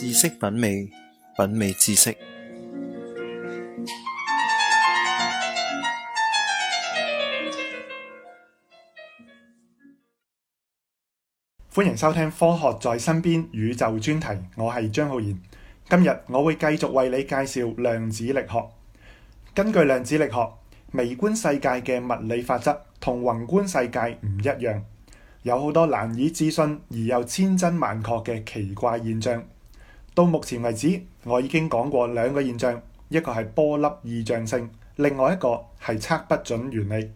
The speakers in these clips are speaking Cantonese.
知識品味，品味知識。歡迎收聽《科學在身邊：宇宙專題》，我係張浩然。今日我會繼續為你介紹量子力學。根據量子力學，微觀世界嘅物理法則同宏觀世界唔一樣，有好多難以置信而又千真萬確嘅奇怪現象。到目前為止，我已經講過兩個現象，一個係波粒二象性，另外一個係測不準原理。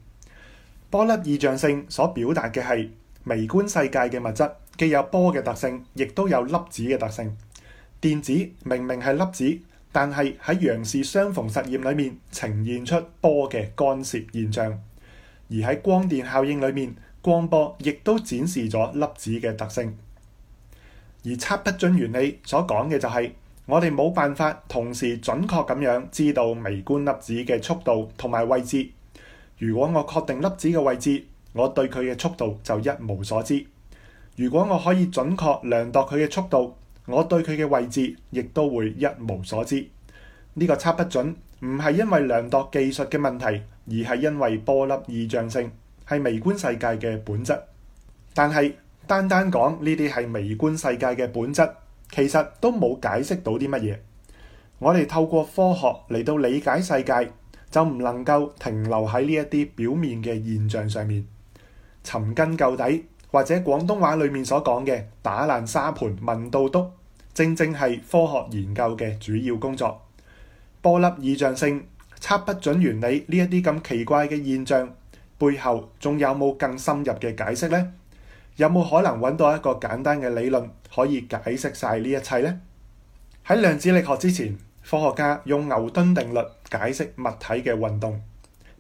波粒二象性所表達嘅係微觀世界嘅物質既有波嘅特性，亦都有粒子嘅特性。電子明明係粒子，但係喺楊氏雙縫實驗裏面呈現出波嘅干涉現象，而喺光電效應裏面，光波亦都展示咗粒子嘅特性。而測不準原理所講嘅就係，我哋冇辦法同時準確咁樣知道微觀粒子嘅速度同埋位置。如果我確定粒子嘅位置，我對佢嘅速度就一無所知；如果我可以準確量度佢嘅速度，我對佢嘅位置亦都會一無所知。呢個測不準唔係因為量度技術嘅問題，而係因為波粒二象性係微觀世界嘅本質。但係，單單講呢啲係微觀世界嘅本質，其實都冇解釋到啲乜嘢。我哋透過科學嚟到理解世界，就唔能夠停留喺呢一啲表面嘅現象上面，尋根究底，或者廣東話裡面所講嘅打爛沙盤問到篤，正正係科學研究嘅主要工作。波粒二象性、測不準原理呢一啲咁奇怪嘅現象，背後仲有冇更深入嘅解釋呢？有冇可能揾到一個簡單嘅理論可以解釋晒呢一切呢？喺量子力學之前，科學家用牛頓定律解釋物體嘅運動。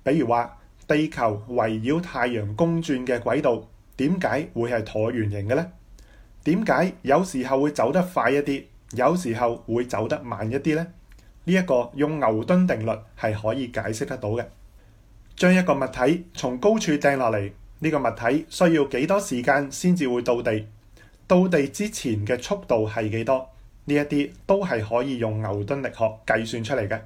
比如話，地球圍繞太陽公轉嘅軌道點解會係橢圓形嘅呢？點解有時候會走得快一啲，有時候會走得慢一啲呢？呢一個用牛頓定律係可以解釋得到嘅。將一個物體從高處掟落嚟。呢個物體需要幾多時間先至會到地？到地之前嘅速度係幾多？呢一啲都係可以用牛頓力學計算出嚟嘅。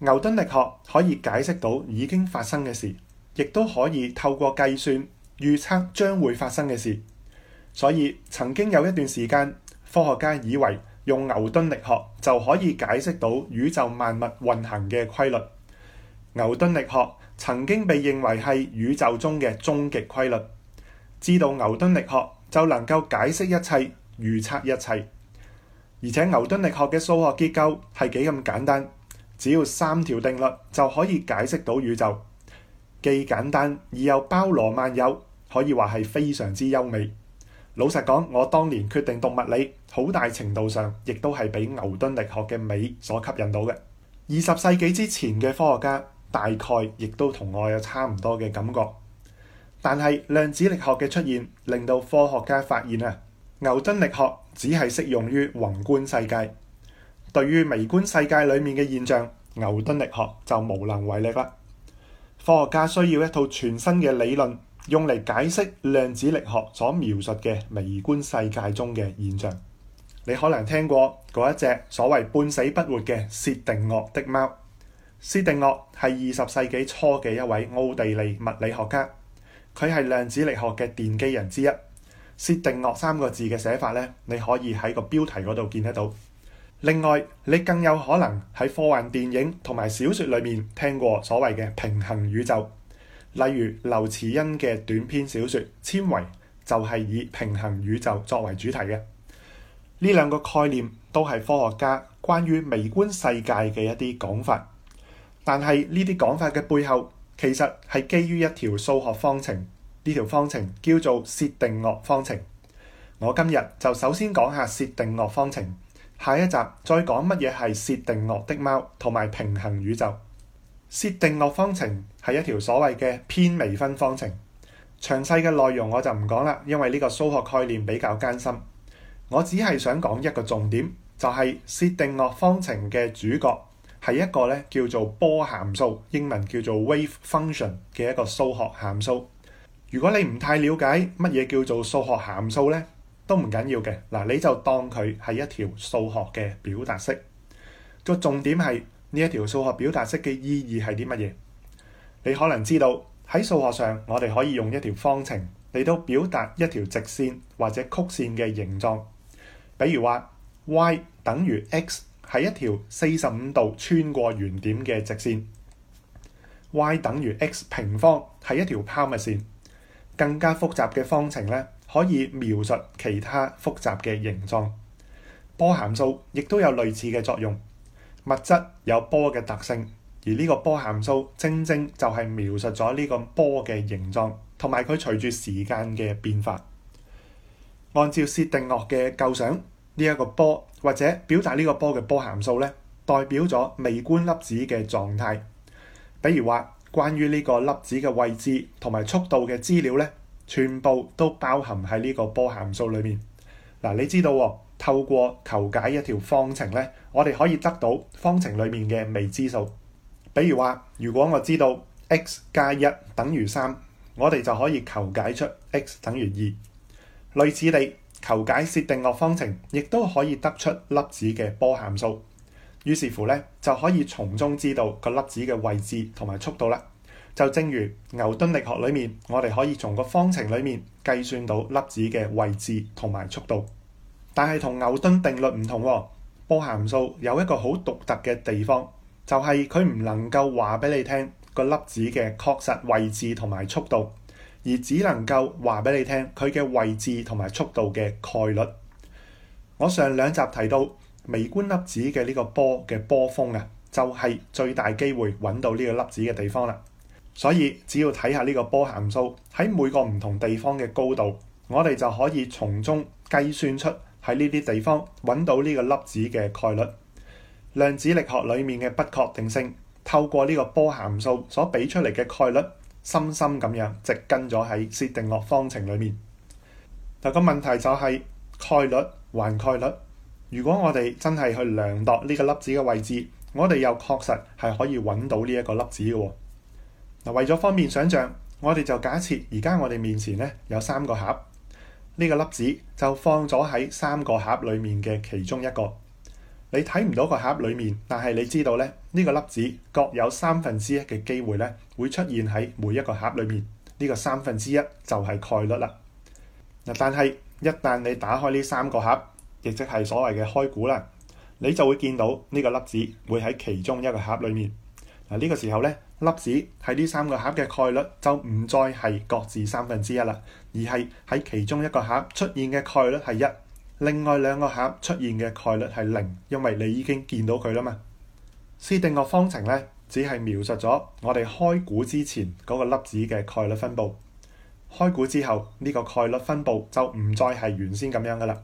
牛頓力學可以解釋到已經發生嘅事，亦都可以透過計算預測將會發生嘅事。所以曾經有一段時間，科學家以為用牛頓力學就可以解釋到宇宙萬物運行嘅規律。牛頓力學曾經被認為係宇宙中嘅終極規律，知道牛頓力學就能夠解釋一切、預測一切。而且牛頓力學嘅數學結構係幾咁簡單，只要三條定律就可以解釋到宇宙，既簡單而又包羅萬有，可以話係非常之優美。老實講，我當年決定讀物理，好大程度上亦都係畀牛頓力學嘅美所吸引到嘅。二十世紀之前嘅科學家，大概亦都同我有差唔多嘅感覺，但係量子力學嘅出現令到科學家發現啊，牛頓力學只係適用於宏觀世界，對於微觀世界裡面嘅現象，牛頓力學就無能為力啦。科學家需要一套全新嘅理論用嚟解釋量子力學所描述嘅微觀世界中嘅現象。你可能聽過嗰一隻所謂半死不活嘅薛定諤的貓。薛定諤係二十世紀初嘅一位奧地利物理學家，佢係量子力學嘅奠基人之一。薛定諤三個字嘅寫法咧，你可以喺個標題嗰度見得到。另外，你更有可能喺科幻電影同埋小説裏面聽過所謂嘅平衡宇宙，例如劉慈欣嘅短篇小説《纖維》，就係、是、以平行宇宙作為主題嘅。呢兩個概念都係科學家關於微觀世界嘅一啲講法。但係呢啲講法嘅背後，其實係基於一條數學方程，呢條方程叫做薛定諤方程。我今日就首先講下薛定諤方程，下一集再講乜嘢係薛定諤的貓同埋平行宇宙。薛定諤方程係一條所謂嘅偏微分方程，詳細嘅內容我就唔講啦，因為呢個數學概念比較艱深。我只係想講一個重點，就係、是、薛定諤方程嘅主角。係一個咧，叫做波函數，英文叫做 wave function 嘅一個數學函數。如果你唔太了解乜嘢叫做數學函數呢，都唔緊要嘅。嗱，你就當佢係一條數學嘅表達式。個重點係呢一條數學表達式嘅意義係啲乜嘢？你可能知道喺數學上，我哋可以用一條方程嚟到表達一條直線或者曲線嘅形狀。比如話，y 等於 x。係一條四十五度穿過原點嘅直線，y 等於 x 平方係一條拋物線。更加複雜嘅方程咧，可以描述其他複雜嘅形狀。波函數亦都有類似嘅作用。物質有波嘅特性，而呢個波函數正正就係描述咗呢個波嘅形狀，同埋佢隨住時間嘅變化。按照薛定諤嘅構想，呢一個波或者表達呢個波嘅波函數咧，代表咗微觀粒子嘅狀態。比如話，關於呢個粒子嘅位置同埋速度嘅資料咧，全部都包含喺呢個波函數裏面。嗱，啊，你知道哦，透過求解一條方程咧，我哋可以得到方程裏面嘅未知數。比如話，如果我知道 x 加一等於三，我哋就可以求解出 x 等於二。類似地，求解薛定諤方程，亦都可以得出粒子嘅波函數。於是乎咧，就可以從中知道個粒子嘅位置同埋速度啦。就正如牛頓力學裏面，我哋可以從個方程裏面計算到粒子嘅位置同埋速度。但係同牛頓定律唔同喎，波函數有一個好獨特嘅地方，就係佢唔能夠話俾你聽個粒子嘅確實位置同埋速度。而只能夠話俾你聽，佢嘅位置同埋速度嘅概率。我上兩集提到微觀粒子嘅呢個波嘅波峰啊，就係最大機會揾到呢個粒子嘅地方啦。所以只要睇下呢個波函數喺每個唔同地方嘅高度，我哋就可以從中計算出喺呢啲地方揾到呢個粒子嘅概率。量子力學裏面嘅不確定性，透過呢個波函數所俾出嚟嘅概率。深深咁樣，植根咗喺薛定諤方程裏面。但個問題就係概率還概率。如果我哋真係去量度呢個粒子嘅位置，我哋又確實係可以揾到呢一個粒子嘅喎。嗱，為咗方便想像，我哋就假設而家我哋面前呢有三個盒，呢個粒子就放咗喺三個盒裡面嘅其中一個。你睇唔到個盒裏面，但係你知道咧，呢個粒子各有三分之一嘅機會咧，會出現喺每一個盒裏面。呢個三分之一就係概率啦。嗱，但係一旦你打開呢三個盒，亦即係所謂嘅開估啦，你就會見到呢個粒子會喺其中一個盒裏面。嗱，呢個時候咧，粒子喺呢三個盒嘅概率就唔再係各自三分之一啦，而係喺其中一個盒出現嘅概率係一。另外兩個盒出現嘅概率係零，因為你已經見到佢啦嘛。薛定諤方程咧，只係描述咗我哋開估之前嗰個粒子嘅概率分布。開估之後，呢個概率分布就唔再係原先咁樣嘅啦。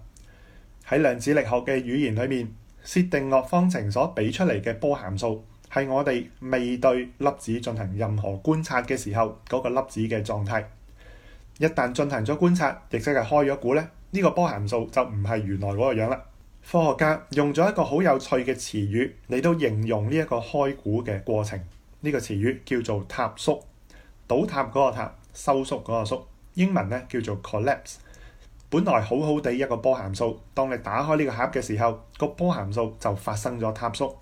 喺量子力學嘅語言裏面，薛定諤方程所俾出嚟嘅波函數係我哋未對粒子進行任何觀察嘅時候嗰個粒子嘅狀態。一旦進行咗觀察，亦即係開咗估咧。呢個波函數就唔係原來嗰個樣啦。科學家用咗一個好有趣嘅詞語，嚟到形容呢一個開估嘅過程。呢、呢個詞語叫做塌縮，倒塌嗰個塌，收縮嗰個縮。英文咧叫做 collapse。本來好好地一個波函數，當你打開呢個盒嘅時候，個波函數就發生咗塌縮。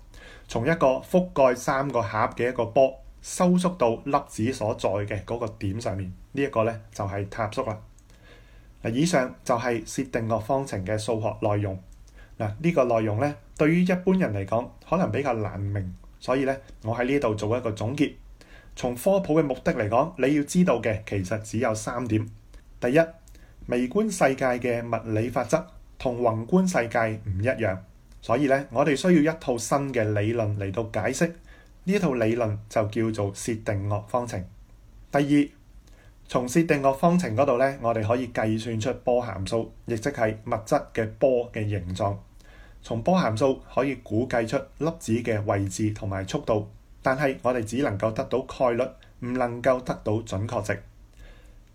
從一個覆蓋三個盒嘅一個波，收縮到粒子所在嘅嗰個點上面。呢個、呢一個咧就係、是、塌縮啦。嗱，以上就係薛定諤方程嘅數學內容。嗱、這個，呢個內容咧，對於一般人嚟講，可能比較難明，所以咧，我喺呢度做一個總結。從科普嘅目的嚟講，你要知道嘅其實只有三點。第一，微觀世界嘅物理法則同宏觀世界唔一樣，所以咧，我哋需要一套新嘅理論嚟到解釋。呢套理論就叫做薛定諤方程。第二，從薛定諤方程嗰度咧，我哋可以計算出波函數，亦即係物質嘅波嘅形狀。從波函數可以估計出粒子嘅位置同埋速度，但係我哋只能夠得到概率，唔能夠得到準確值。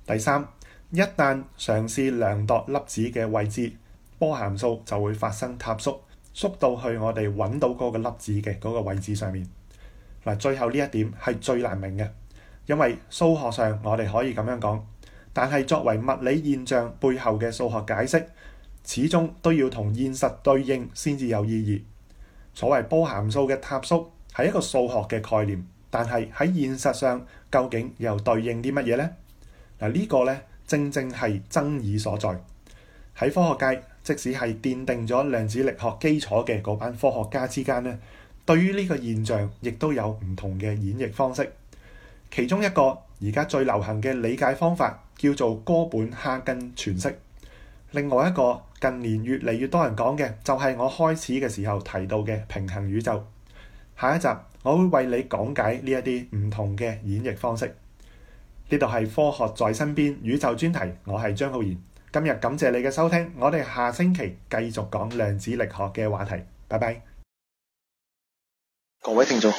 第三，一旦嘗試量度粒子嘅位置，波函數就會發生塌縮，縮到去我哋揾到嗰個粒子嘅嗰個位置上面。嗱，最後呢一點係最難明嘅。因為數學上我哋可以咁樣講，但係作為物理現象背後嘅數學解釋，始終都要同現實對應先至有意義。所謂波函數嘅塌縮係一個數學嘅概念，但係喺現實上究竟又對應啲乜嘢呢？嗱、這、呢個呢，正正係爭議所在。喺科學界，即使係奠定咗量子力學基礎嘅嗰班科學家之間呢，對於呢個現象亦都有唔同嘅演繹方式。其中一個而家最流行嘅理解方法叫做哥本哈根詮釋，另外一個近年越嚟越多人講嘅就係、是、我開始嘅時候提到嘅平行宇宙。下一集我會為你講解呢一啲唔同嘅演繹方式。呢度係科學在身邊宇宙專題，我係張浩然。今日感謝你嘅收聽，我哋下星期繼續講量子力學嘅話題。拜拜。各位聽眾好。